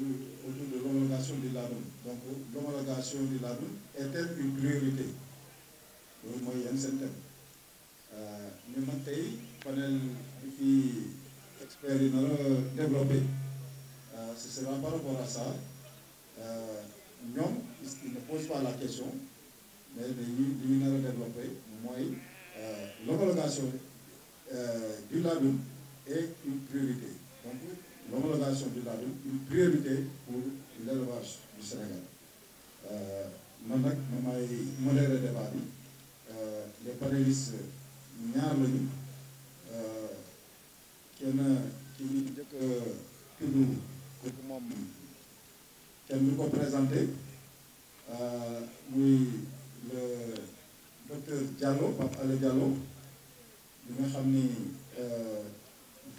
autour de l'homologation du ladoum donc l'homologation du ladoum est-elle une priorité loolu mooy yenn seen thème ñu tey panel bi fi experts yi nar a développé euh, ce sera par rapport euh, ñoom ils ne la question mais dañuy li ñu nar a développé mooy euh, l'homologation du ladoum est une priorité l'homologation du ladoum une priorité pour l'élevage du Sénégal euh, man nag ma may modéré débat bi euh, les panélistes ñaar lañu euh, kenn ci ñu njëkk tudd kooku moom kenn du ko présenté muy le docteur Diallo Pape Alé Diallo bi nga xam ni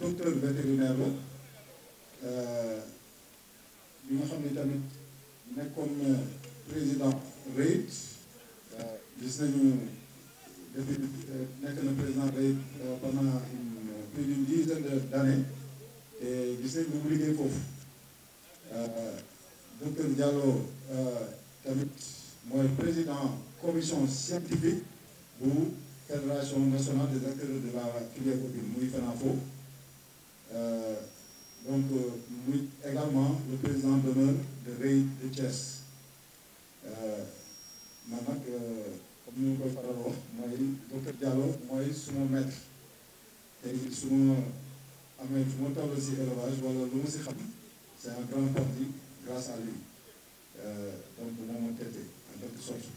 docteur vétérinaire la Euh, bi nga xam ne tamit nekkoon président REIT euh, gis nañu depuis euh, nekk na président REIT pendant plus d'une dizaine te gis nañ mu liggéey foofu docteur Diallo tamit mooy président commission scientifique bu fédération nationale des acteurs de la filière mobile muy FENAFO donc muy euh, également le président de Rey de Thiès euh, man nag euh, comme ni ma koy faraloo mooy docteur Diallo mooy suma maître tey su ma amee fu ma toll si élevage wala lu ma si xam c'est en grande grâce à lui donc moom a traité en quelque sorte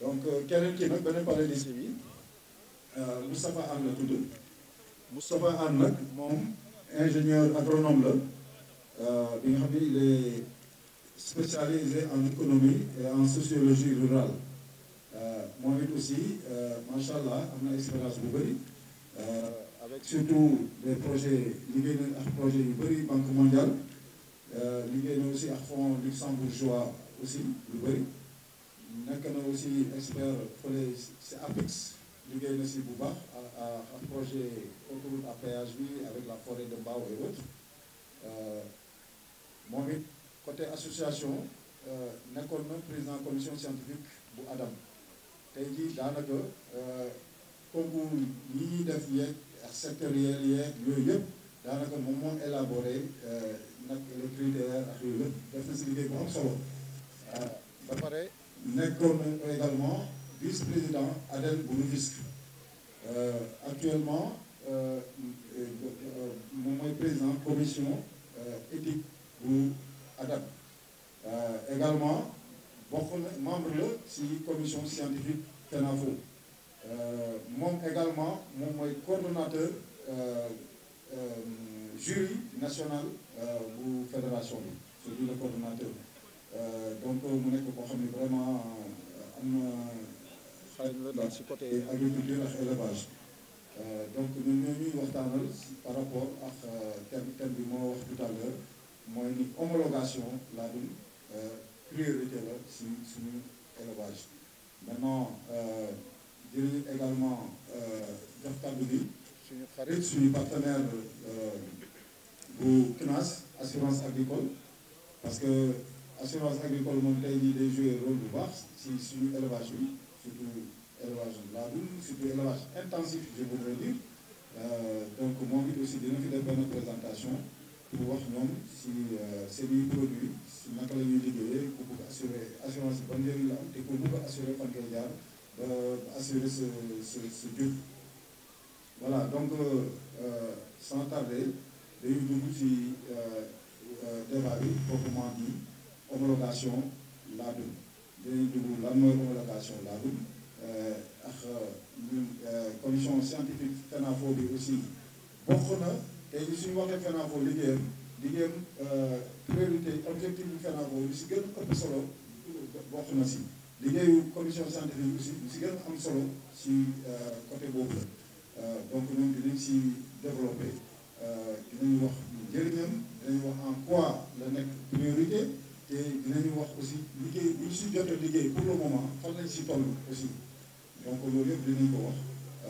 donc keneen kii nag beneen parrainage bi Moustapha Anne la Moustapha Anne nag moom ingénieur agronome la euh, bi nga xam ne il est spécialisé en économie et en sociologie rurale euh, moom it aussi euh, macha allah am na expérience bu bëri avec surtout des projet liggéey na ak projet yu bëri banque mondiale liggéey na aussi ak fonds luxembourgeois aussi lu bëri nekk na aussi expert fële si APEX liggéey na si bu baax ak projet autoroute à péage bi avec la forêt de Mbao et euh, moom it côté association nekkoon euh, na président commission scientifique bu adam tey jii daanaka euh, concours yi ñuy def yeeg ak sectoriel yeeg yooyu yëpp daanaka moom moo élaboré nag les critères ak def na si liggéey bu am solo ba pare nekkoon également vice-président ADEN bu Rufisque euh, actuellement euh, euh, moom mooy président commission éthique bu ADAM également bokk na membre la ci commission scientifique TENAFO moom également moom mooy coordonnateur jury national bu fédération bi surtout le coordonnateur donc mu nekk koo xam ne vraiment am xarañ la si côté agriculture ak élevage euh, donc ñun ñoo ñuy waxtaanal par rapport ak euh, thème thème bi moo wax tout à mooy ni homologation laa dul euh, priorité la si suñu élevage maintenant jëriñ également jox kàddu bi suñu xarit suñu partenaire bu CNAAS assurance agricole parce que assurance agricole moom tey jii day jouer rôle bu baax si suñu élevage bi surtout élevage laadum surtout élevage intensif je voudrais euh, donc moom it def benn présentation pour wax ñoom si euh, seen i produits si naka la ñuy liggéeyee ku bugg assurer assurance ban njëriñ la te bugg assurer fan jaar ba euh, assuré sa sa sa jur voilà donc sans tarder dañuy dugg ci débat bi proprement dit homologation dañuy dugg la mooy homologation laadum ak ñun euh, commission scientifique FENAFO bi aussi bokk na tey jii suñu waxee FENAFO liggéeyam liggéeyam euh, bi FENAFO li si gën a ëpp solo na si liggéeyu commission scientifique aussi li si gën am solo si euh, côté boobu la donc ñun si développé dinañ wax wax en quoi la nekk priorité. te dinañu wax aussi liggéey bu ñu si jot a liggéey pour le moment fan lañ si toll aussi donc loolu yëpp dinañ ko wax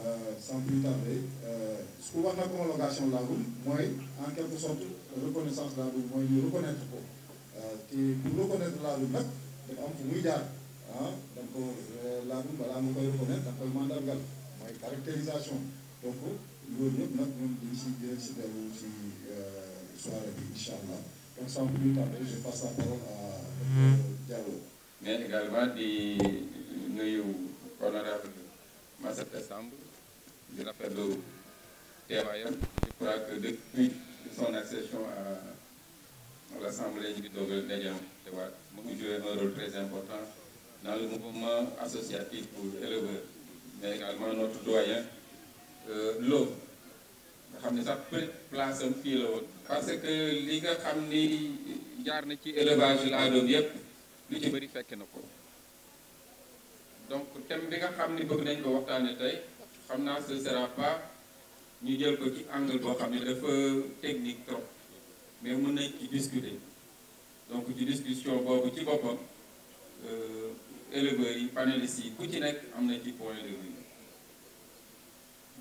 euh, sans plus tarder euh, su ko wax nag homologation laagul mooy en quelque sorte reconnaissance laagul mooy ñu reconnaître ko euh, te pour reconnaître laagul nag dafa am fu muy jaar ah da nga ko laagul balaa nga koy reconnaître da nga koy mandargal mooy caractérisation donc loolu yëpp nag ñoom dañ si jël si dellu si soirée bi incha allah. Donc sans plus tarder, je passe la parole à Diallo. Mais également di nuyu honorable Massata Samb di rafetlu teewaayam je crois que depuis son accession à l'Assemblée ñu ngi doog a daje te waat mu ngi joué un très important dans le mouvement associatif pour mais également notre doyen euh, xam ne sax peut place fii la woon parce que li nga xam ni jaar na ci la laadoom yépp lu ci bëri fekke na ko donc thème bi nga xam ni bëgg nañ ko waxtaane tey xam naa ce sera pas ñu jël ko ci angle boo xam ne dafa technique trop mais mën nañ ci discuter donc ci discussion boobu ci boppam euh, éleveurs yi panélistes yi ku ci nekk am na ci point de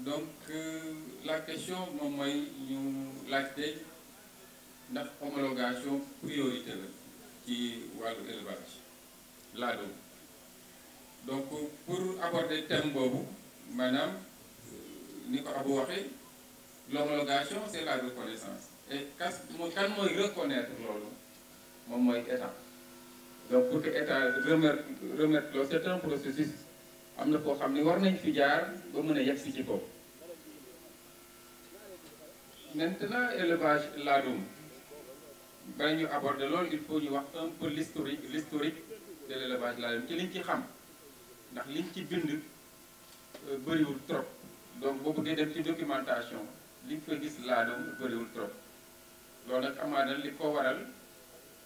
donc euh, la question moom mooy ñu laajte ndax homologation priorité la ci wàllu élevage laa doon donc pour aborder thème boobu maanaam euh, ni ko Abou waxee l'homologation c'est la reconnaissance et kas mooy kan mooy reconnaître loolu moom mooy état donc pour que état remettre remettre loolu c'est un processus am na koo xam ne war nañ fi jaar ba mën a yegg si ci kaw maintenant élevage laadum bala ñu aborder loolu il faut ñu wax un peu l'historique l'historique de l'élevage ci liñ ci xam ndax liñ ci bind euh, bëriwul trop donc boobu bëggee dem ci documentation liñ fa gis laadum bëriwul trop loolu nag amaana li ko waral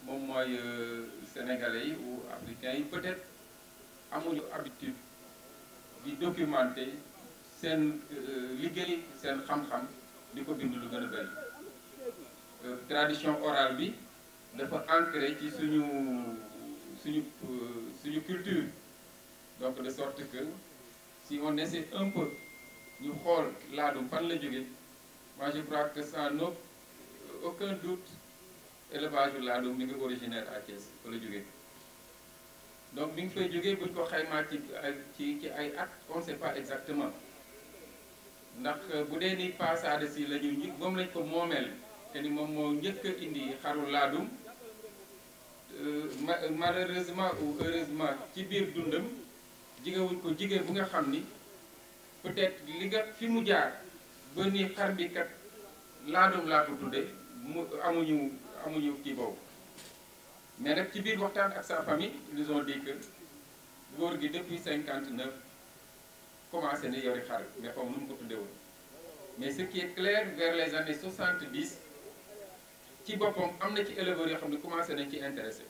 moom mooy euh, sénégalais yi ou africains yi peut amuñu habitude di documenter seen euh, liggéey seen xam-xam di ko bind lu gën a euh, tradition orale bi dafa ancré ci suñu suñu euh, suñu culture donc de sorte que si on essaie un peu ñu xool laadum fan la jóge moi je crois que sans aucun doute élevage laadum ni nga originaire à Thiès fa la jóge donc bi ñu fay jógee buñ ko xaymaa ci ci ci ay at on sait pas exactement ndax euh, bu dee ni passaade si la ñu moom lañ ko moomeel te moom moo njëkk a indi xaru laadum euh, malheureusement ou heureusement ci biir dundam jigewuñ ko jigee bu nga xam ni peut-être li nga fi mu jaar ba ni xar bi kat laadum laa ko tudde mu amuñu amuñu kii boobu mais nag ci biir waxtaan ak sa famille ils ont dit que góor gi depuis cinquante neuf commencé ne yori xar mais xaw nu mu ko tudde woon mais ce qui est clair vers les années soixante dix ci boppam am na ci éleveurs yoo xam ne commencé nañ ci intéressé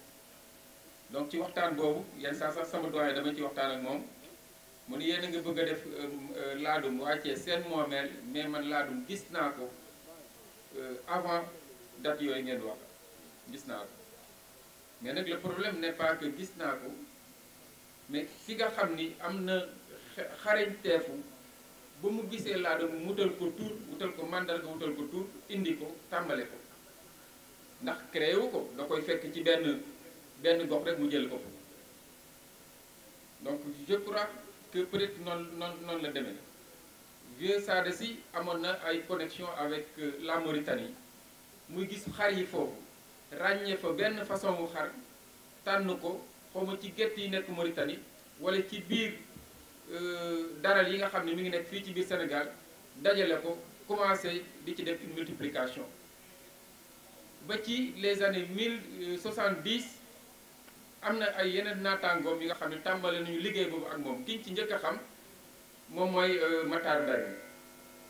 donc ci waxtaan boobu yenn saa sax sama doyen dama ci waxtaan ak moom mu ni yéen nga bëgg a def euh, laadum wàccee seen moomeel mais man laadum gis naa ko euh, avant date yooyu ngeen wax gis naa ko mais nag le problème ne pas que gis naa ko mais ki nga xam ni am na xarañteefu ba mu gisee laada mu wutal ko tur wutal ko màndarga wutal ko tur indi ko tàmbale ko ndax créé wu ko da koy fekk ci benn benn gox rek mu jël ko donc je crois que peut-être noonu noonu noonu la demee vieux Sada Sy amoon na ay connexion avec euh, la Mauritanie muy gis xar yi foofu ràññee fa benn façon wu xar tànn ko xawma ci gett yi nekk Mauritanie wala ci biir euh, daral yi nga xam ne mu ngi nekk fii ci biir Sénégal dajale ko commencé di ci def multiplication ba ci les années mille euh, soixante dix am na ay yeneen naataangoom yi nga xam ne tàmbale nañu liggéey boobu ak moom kiñ ci njëkk a xam moom mooy euh, Matar Mbengue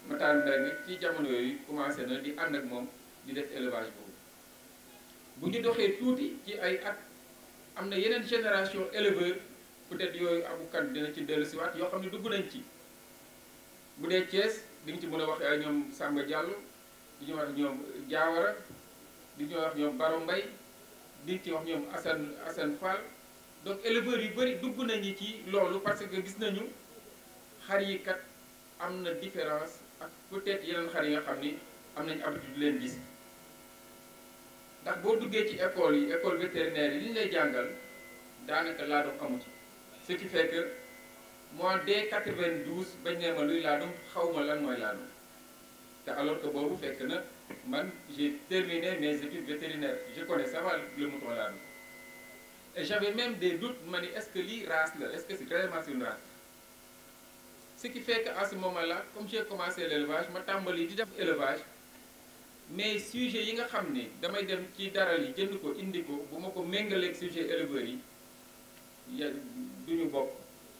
Matar Mbengue ci jamono yooyu commencé na di ànd ak moom di def élevage boobu. bu ñu doxee tuuti ci ay at am na yeneen génération éleveur peut-être yooyu abu dina ci dellusiwaat yoo xam ne dugg nañ ci bu dee cees di nga ci mën a waxee ak ñoom Samba Diallo di ñu wax ñoom Diawara di ñu wax ñoom Baro Mbay di ci wax ñoom Assane Assane Fall donc éleveurs yu bëri dugg nañu ci loolu parce que gis nañu xar yi kat am na différence ak peut-être yeneen xar yi nga xam ni am nañu habitude leen gis. ndax boo duggee ci école yi école vétérinaire yi li ñu lay jàngal daanaka laadum amu ci ce qui fait que moi dès 92 bañ ne ma luy laadum xaw ma lan mooy laadum te alors que boobu fekk na man j'ai terminé mes études vétérinaires je connais ça va le mouton laadum et j'avais même des doutes ma ni est-ce que lii la est-ce que c'est vraiment une race ce qui fait comme j'ai commencé l'élevage ma tàmbali di def élevage. mais sujet yi nga xam ne damay dem ci daral yi jënd ko indi ko bu ma ko méngaleeg sujet éleveurs yi ya ñu bokk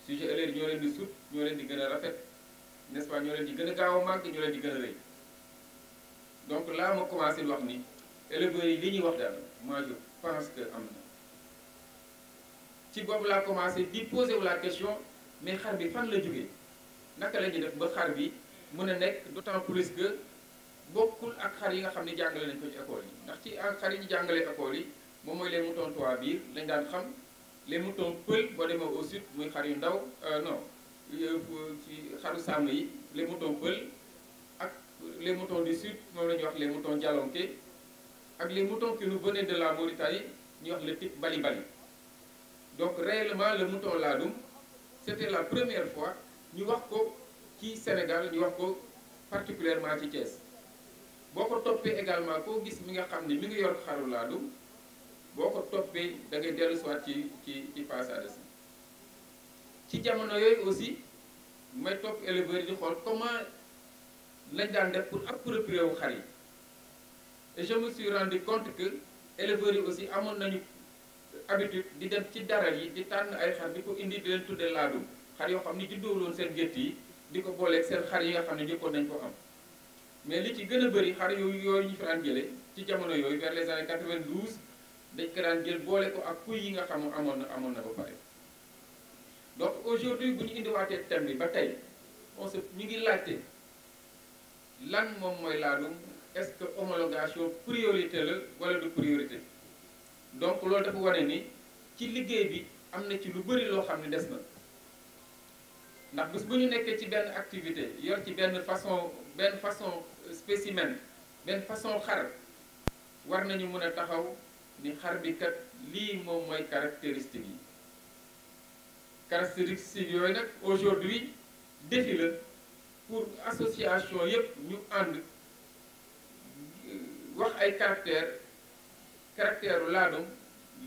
sujet éleveurs ñoo leen di sut ñoo leen di gën a rafet n'est-ce pas ñoo leen di gën a gaaw a màgg ñoo leen di gën a rëy donc là ma commencé di wax ni éleveurs yi li ñuy wax daal moi je pense que am na ci boobu laa commencé di poser wu la question mais xar bi fan la jógee naka la ñuy def ba xar bi mën a nekk d'autant plus que bokkul ak xar yi nga xam ni jàngale nañ ko ci école yi ndax ci ak xar yi ñu jàngalee école yi moom mooy les moutons toit biir lañ daan xam les moutons pël boo demee au muy xar yu ndaw euh, no euh, ci xaru sàmm yi les moutons pël ak les moutons du sud moom la ñuy wax les moutons dialonke ak les moutons qui nous venaient de la Mauritanie ñuy wax le type bali bali donc réellement le mouton laadum c'était la première fois ñu wax ko ci Sénégal ñu wax ko particulièrement ci boo ko toppee également koo gis mi nga xam ne mi nga yor xaru laadum boo ko toppee da ngay dellu soit ci ci ci passage ci jamono yooyu aussi may topp éleveurs yi di xool comment lañ daan def pour approprier wu xar yi et je me suis rendu compte que éleveurs yi aussi amoon nañu habitude di dem ci daral yi di tànn ay xar di ko indi di leen tuddee laadum xar yoo xam ne juddooloon seen gétt yi di ko booleeg seen xar yi nga xam ne jëkkoon nañ ko am mais li ci gën a bëri xar yooyu yooyu ñu fi daan jëlee ci jamono yooyu vers les années 92 dañ ko daan jël boole ko ak kuy yi nga xam amoon na amoon na ba pare. donc aujourd'hui bu ñu indiwaatee thème bi ba tey on se ñu ngi laajte lan moom mooy laadum est-ce que homologation priorité la wala du priorité donc loolu dafa wane ni ci liggéey bi am na ci lu bëri loo xam ne des na ndax bés bu ñu nekkee ci benn activité yor ci benn façon. benn façon spécimen benn façon xar war nañu mën a taxaw ni xar bi kat lii moom mooy caractéristique yi caractéristique yooyu nag aujourd'hui défi pour association yépp ñu ànd euh, wax ay caractère caractère laadum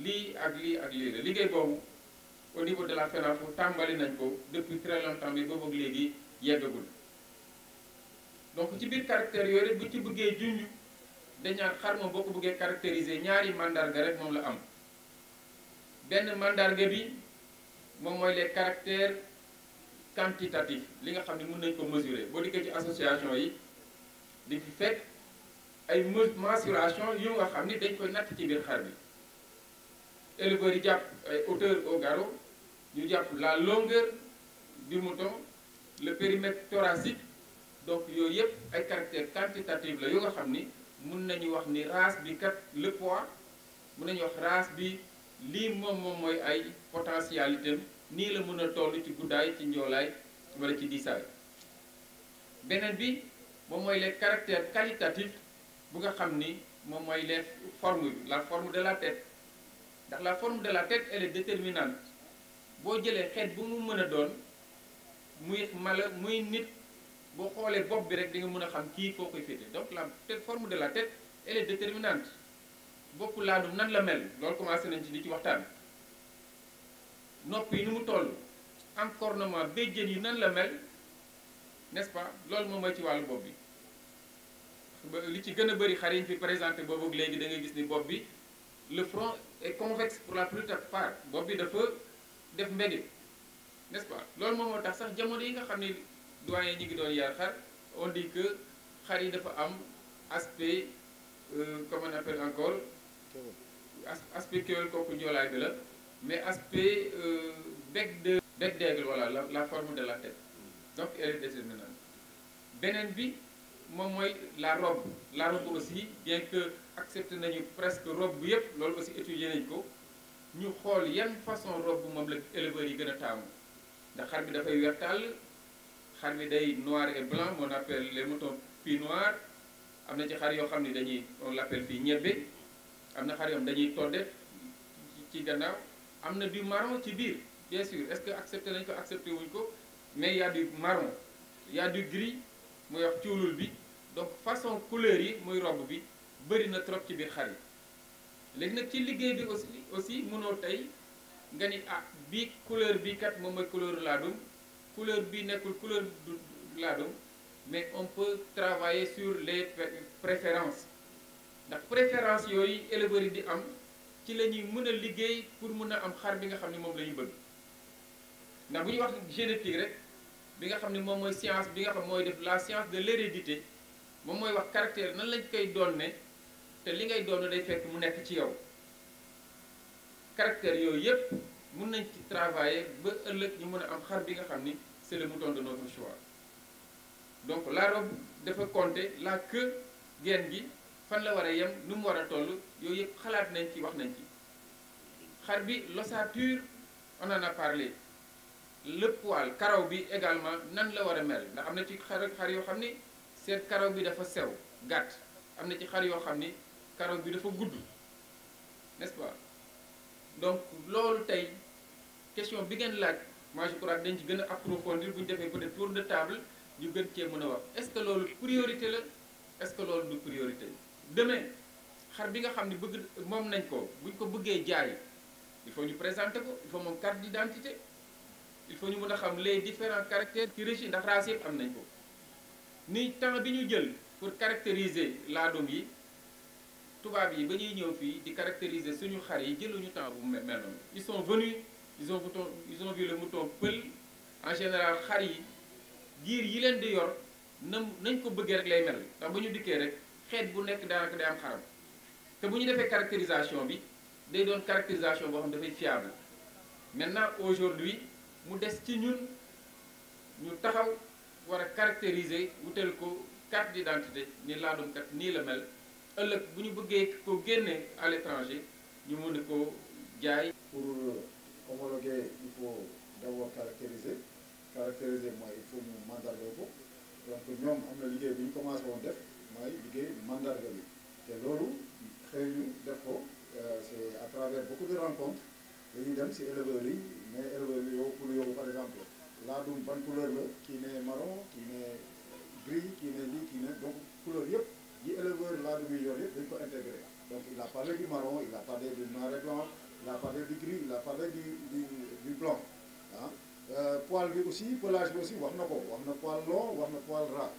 lii ak lii ak lii la liggéey boobu au niveau de la FENAFO tàmbali nañ ko depuis très longtemps yi boobu léegi yeggagul donc ci biir caractère yooyu rek buñ ci bëggee junj dañ naan xar moom boo ko bëggee caractériser ñaari mandarga rek moom la am benn mandarga bi moom mooy les caractères quantitatifs li nga xam ne mën nañ ko mesurer boo dikkee ci association yi di fi fekk ay mensuration yu nga xam ni dañ koy natt ci biir xar bi éleveurs yi jàpp ay hauteur au garrot ñu jàpp la longueur du mouton le périmètre thoracique donc yooyu yëpp ay caractères quantitatifs la yu nga xam ni mun nañu wax ni race bi kat le poids mun nañu wax race bi lii moom moom mooy ay potentialité nii la mën a toll ci guddaay ci njoolaay wala ci diisaay beneen bi moom mooy les caractères qualitatifs bu nga xam ni moom mooy les formes la forme de la tête ndax la forme de la tête elle est boo jëlee xeet bu mu mën a doon muy mala muy nit boo xoolee bopp bi rek di nga mën a xam kii foo koy féete donc la forme de la tête elle est déterminante boppu laadum nan la mel loolu commencé nañ ci li ci waxtaan nopp yi ni mu toll encornement béjjén yi nan la mel n'est-ce pas loolu moom mooy ci wàllu bopp bi li ci gën a bëri xariñ yi ñu fi présenté boobu léegi da ngay gis ni bopp bi le front est convexe pour la plupart part bopp bi dafa def mbége n'est-ce loolu moom moo tax sax jamono yi nga xam ni doyen ñi ngi doon yar xar on di que xar yi dafa am aspect euh, comme on appelle encore aspect kéwél kooku njoolaay bi la mais aspect euh, bec de bec d'aigle voilà la la forme de la tête donc elle est beneen bi moom mooy la robe la robe aussi bien que accepté nañu presque robe bu yëpp loolu aussi étudier nañ ko ñu xool yan façon robb moom la éleveurs yi gën a taamu ndax xar bi dafay weex tàll xar mi day noir et blanc on appelle les moutons pie noir am na ci xar yoo xam ne dañuy on l'appelle fii ñebbe am na xar yoo dañuy todde ci gannaaw am na du marron ci biir bien sûr est-ce que accepté nañ ko accepté wuñ ko mais y a du marron y a du gris muy wax cuulul bi donc façon couleur yi muy robb bi bëri na trop ci biir xar yi léegi nag ci liggéey bi aussi aussi mënoo tey nga ni ah bii couleur bi kat moom mooy couleur laadum couleur bi nekkul couleur du laadum mais on peut travailler sur les préférences ndax préférence yooyu éleveurs yi di am ci la ñuy mën a liggéey pour mun a am xar bi nga xam ne moom la ñu bëgg ndax bu ñuy wax génétique rek bi nga xam ne moom mooy science bi nga xam mooy def la science de l'hérédité moom mooy wax caractère nan lañ koy doon ne te li ngay doon day fekk mu nekk ci yow caractère yooyu yépp mun nañ ci travailler ba ëllëg ñu mën a am xar bi nga xam ni c'est le mouton de notre choix donc la robe dafa compter la queue gen gi fan la war a yem nu mu war a toll yooyu yëpp xalaat nañ ci wax nañ ci xar bi l'ossature on en a parlé le poil karaw bi également nan la war a mel ndax am na ci xar xar yoo xam ni seet karaw bi dafa sew gàtt am na ci xar yoo xam ni karaw bi dafa gudd n'est-ce pas donc loolu tey question bi ngeen laaj moi je crois dañ ci gën a approfondir bu ñu defee peut-être tour de table ñu gën cee mën a wax est-ce que loolu priorité la est-ce que loolu du priorité demain xar bi nga xam ne bëgg moom nañ ko buñ ko bëggee jaay il faut ñu présenter ko il faut moom carte d'identité il faut ñu mën a xam les différents caractères qui régissent ndax race yëpp am nañ ko ni temps bi ñu jël pour caractériser laadum yi tubaab yi ba ñuy ñëw fii di caractériser suñu xar yi jëluñu temps bu mel noonu ils ont vu ils ont vu le mouton pël en général xar yi giir yi leen di yor na nañ ko bëggee rek lay mel ndax ba ñu dikkee rek xeet bu nekk daanaka day am xaram te bu ñu defee caractérisation bi day doon caractérisation boo xam dafay fiable maintenant aujourd'hui mu des ci ñun ñu taxaw war a caractériser ko ko di d'identité ni laa doon kat nii la mel ëllëg bu ñu bëggee ko génnee à l'étranger ñu mën ko jaay pour homologué il faut d'abord caractériser caractériser mooy il faut ñu mandargal ko donc ñoom am na liggéey bi ñu commencé woon def mooy liggéey mandargal bi te loolu xëy ñu def ko euh, c'est à travers beaucoup de rencontres dañuy dem si éleveurs yi mais éleveurs yi yow pour yow par exemple laa ban couleur la kii ne marron kii ne gris kii ne lii kii ne donc couleur yëpp yi éleveurs laa dum yi yor yëpp dañu ko intégré donc il a parlé du marron il a parlé du noir il a parlé du gris il a parlé du blanc euh, poil bi aussi pelage bi aussi wax na ko wax na poil long wax na poil ras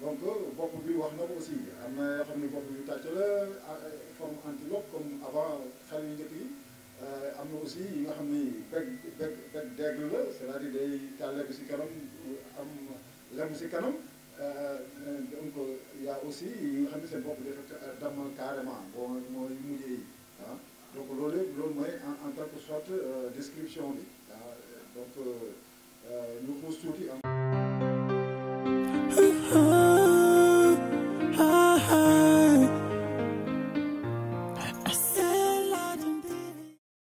donc bopp bi wax na ko aussi am na yoo xam ne bopp bi tàcc la comme antilope comme avant xel yu njëkk yi euh, am na aussi yi nga xam ni bec bec bec la c'est-à-dire day tàlle bi si kanam am lem si kanam euh, donc y a aussi yi nga xam ne seen bopp dafa dama carrément bon mooy mujjee yi donc loolu loolu mooy en tant que soit euh, description bi donc ñu xuus tuuti